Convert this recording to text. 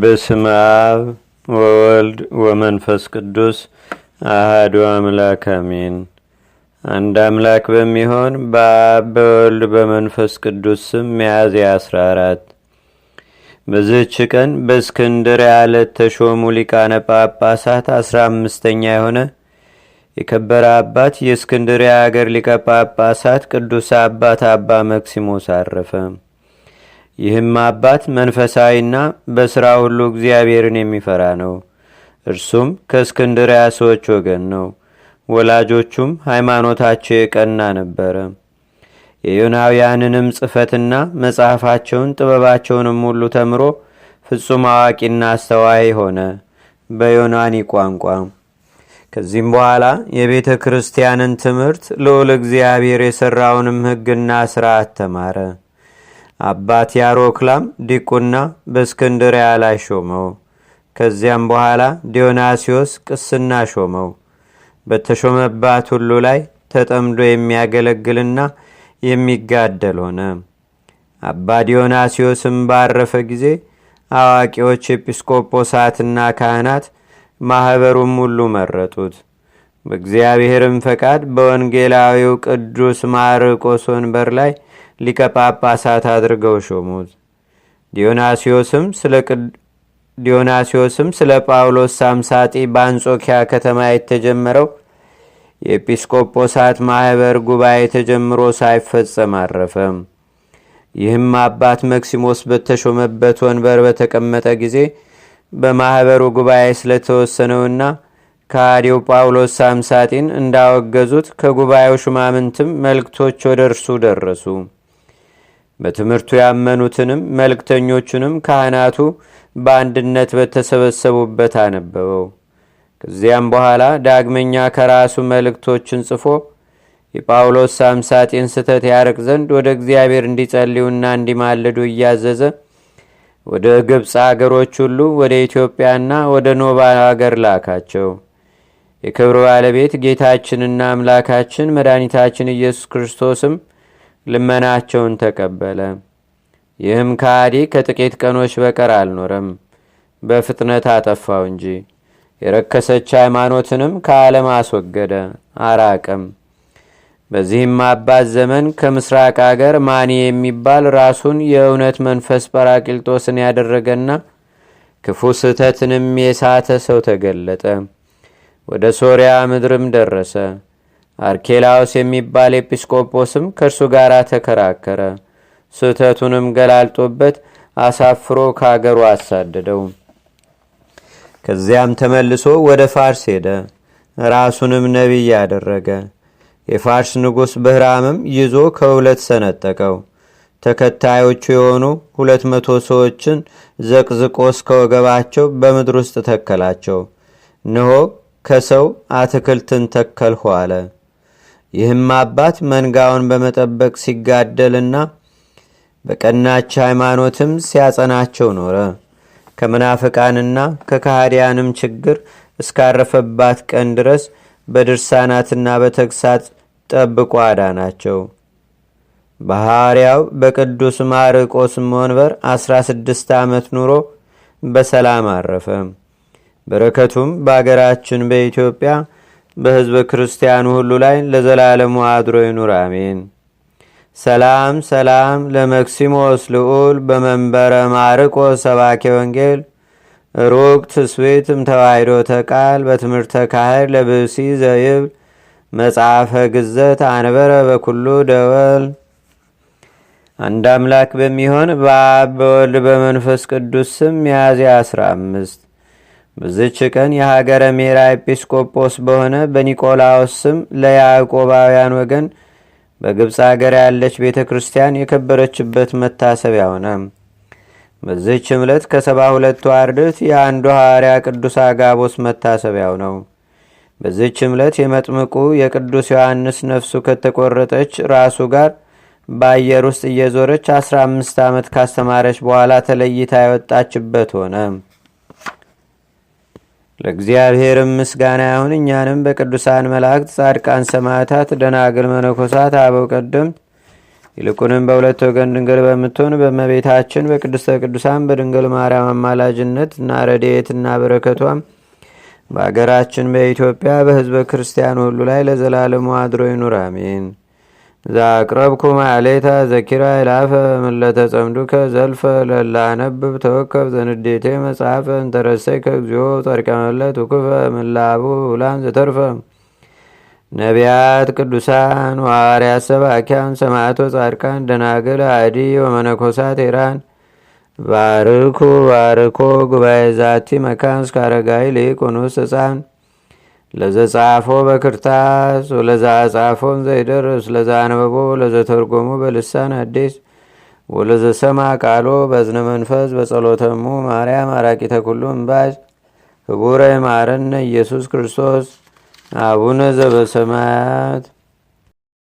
በስም አብ ወወልድ ወመንፈስ ቅዱስ አህዱ አምላክ አሜን። አንድ አምላክ በሚሆን በአብ በወልድ በመንፈስ ቅዱስ ስም ሚያዝያ 14 በዝህች ቀን በእስክንድር ዓለት ተሾሙ ሊቃነ ጳጳሳት አስራ አምስተኛ የሆነ የከበረ አባት የእስክንድር የአገር ሊቀ ጳጳሳት ቅዱስ አባት አባ መክሲሞስ አረፈ። ይህም አባት መንፈሳዊና በሥራ ሁሉ እግዚአብሔርን የሚፈራ ነው። እርሱም ከእስክንድርያ ሰዎች ወገን ነው። ወላጆቹም ሃይማኖታቸው የቀና ነበረ። የዮናውያንንም ጽፈትና መጽሐፋቸውን ጥበባቸውንም ሁሉ ተምሮ ፍጹም አዋቂና አስተዋይ ሆነ በዮናኒ ቋንቋ። ከዚህም በኋላ የቤተ ክርስቲያንን ትምህርት ልዑል እግዚአብሔር የሠራውንም ሕግና ሥርዓት ተማረ። አባት ያሮክላም ዲቁና በእስክንድሪያ ላይ ሾመው። ከዚያም በኋላ ዲዮናሲዮስ ቅስና ሾመው። በተሾመባት ሁሉ ላይ ተጠምዶ የሚያገለግልና የሚጋደል ሆነ። አባ ዲዮናሲዮስም ባረፈ ጊዜ አዋቂዎች፣ ኤጲስቆጶሳትና ካህናት ማኅበሩም ሁሉ መረጡት። በእግዚአብሔርም ፈቃድ በወንጌላዊው ቅዱስ ማርቆስ ወንበር ላይ ሊቀ ጳጳሳት አድርገው ሾሙት። ዲዮናስዮስም ስለ ጳውሎስ ሳምሳጢ በአንጾኪያ ከተማ የተጀመረው የኤጲስቆጶሳት ማኅበር ጉባኤ ተጀምሮ ሳይፈጸም አረፈም። ይህም አባት መክሲሞስ በተሾመበት ወንበር በተቀመጠ ጊዜ በማኅበሩ ጉባኤ ስለተወሰነውና ከአዲው ጳውሎስ ሳምሳጢን እንዳወገዙት ከጉባኤው ሹማምንትም መልክቶች ወደ እርሱ ደረሱ። በትምህርቱ ያመኑትንም መልእክተኞቹንም ካህናቱ በአንድነት በተሰበሰቡበት አነበበው። ከዚያም በኋላ ዳግመኛ ከራሱ መልእክቶችን ጽፎ የጳውሎስ ሳምሳጤን ስተት ያርቅ ዘንድ ወደ እግዚአብሔር እንዲጸልዩና እንዲማልዱ እያዘዘ ወደ ግብፅ አገሮች ሁሉ ወደ ኢትዮጵያና ወደ ኖባ አገር ላካቸው። የክብር ባለቤት ጌታችንና አምላካችን መድኃኒታችን ኢየሱስ ክርስቶስም ልመናቸውን ተቀበለ። ይህም ከሃዲ ከጥቂት ቀኖች በቀር አልኖረም፣ በፍጥነት አጠፋው እንጂ የረከሰች ሃይማኖትንም ከዓለም አስወገደ አራቅም። በዚህም አባት ዘመን ከምስራቅ አገር ማኒ የሚባል ራሱን የእውነት መንፈስ ጰራቅሊጦስን ያደረገና ክፉ ስህተትንም የሳተ ሰው ተገለጠ። ወደ ሶርያ ምድርም ደረሰ። አርኬላዎስ የሚባል ኤጲስቆጶስም ከእርሱ ጋር ተከራከረ። ስህተቱንም ገላልጦበት አሳፍሮ ከአገሩ አሳደደው። ከዚያም ተመልሶ ወደ ፋርስ ሄደ። ራሱንም ነቢይ ያደረገ የፋርስ ንጉሥ ብህራምም ይዞ ከሁለት ሰነጠቀው። ተከታዮቹ የሆኑ ሁለት መቶ ሰዎችን ዘቅዝቆ እስከ ወገባቸው በምድር ውስጥ ተከላቸው። ንሆ ከሰው አትክልትን ተከልሁ አለ። ይህም አባት መንጋውን በመጠበቅ ሲጋደልና በቀናች ሃይማኖትም ሲያጸናቸው ኖረ። ከመናፍቃንና ከካህዲያንም ችግር እስካረፈባት ቀን ድረስ በድርሳናትና በተግሳት ጠብቆ አዳናቸው። በሐዋርያው በቅዱስ ማርቆስም ወንበር 16 ዓመት ኑሮ በሰላም አረፈ። በረከቱም በአገራችን በኢትዮጵያ በህዝበ ክርስቲያኑ ሁሉ ላይ ለዘላለሙ አድሮ ይኑር፣ አሜን። ሰላም ሰላም ለመክሲሞስ ልዑል በመንበረ ማርቆስ ሰባኬ ወንጌል ሩቅ ትስዊትም ተዋሂዶ ተቃል በትምህርተ ካህድ ለብሲ ዘይብል መጽሐፈ ግዘት አንበረ በኩሉ ደወል አንድ አምላክ በሚሆን በአብ በወልድ በመንፈስ ቅዱስ ስም ሚያዝያ 15 በዝች ቀን የሀገረ ሜራ ኤጲስቆጶስ በሆነ በኒቆላዎስ ስም ለያዕቆባውያን ወገን በግብፅ አገር ያለች ቤተ ክርስቲያን የከበረችበት መታሰቢያ ሆነ። በዚህች ምለት ከሰባ ሁለቱ አርድት የአንዱ ሐዋርያ ቅዱስ አጋቦስ መታሰቢያው ነው። በዚህች ምለት የመጥምቁ የቅዱስ ዮሐንስ ነፍሱ ከተቆረጠች ራሱ ጋር በአየር ውስጥ እየዞረች 15 ዓመት ካስተማረች በኋላ ተለይታ የወጣችበት ሆነ። ለእግዚአብሔርም ምስጋና ይሁን። እኛንም በቅዱሳን መላእክት፣ ጻድቃን፣ ሰማዕታት፣ ደናግል፣ መነኮሳት፣ አበው ቀደምት ይልቁንም በሁለት ወገን ድንግል በምትሆን በመቤታችን በቅድስተ ቅዱሳን በድንግል ማርያም አማላጅነት እና እና በረከቷም በአገራችን በኢትዮጵያ በሕዝበ ክርስቲያኑ ሁሉ ላይ ለዘላለሙ አድሮ ይኑር፣ አሜን። ዛቅረብኩ ማሌታ ዘኪራ ይላፈ ጸምዱከ ዘልፈ ለላነብብ ተወከብ ዘንዴቴ መጽሐፈ እንተረሰይ ከእግዚኦ ጸድቀ ውክፈ ምላቡ ውላን ዘተርፈ ነቢያት ቅዱሳን ዋርያት ሰባኪያን ሰማዕቶ ጻድቃን ደናግል አዲ ወመነኮሳት ኢራን ባርኩ ባርኮ ጉባኤ ዛቲ መካን ስካረጋይ ልይቅ ኑስ ህፃን ለዘጻፎ በክርታስ ወለዛ ጻፎን ዘይደርስ ለዛ አንበቦ ለዘተርጎሙ በልሳን አዲስ ወለዘሰማ ቃሎ በዝነ መንፈስ በጸሎተሙ ማርያም አራቂ ኩሉ እምባጭ ህቡረ ማረነ ኢየሱስ ክርስቶስ አቡነ ዘበሰማያት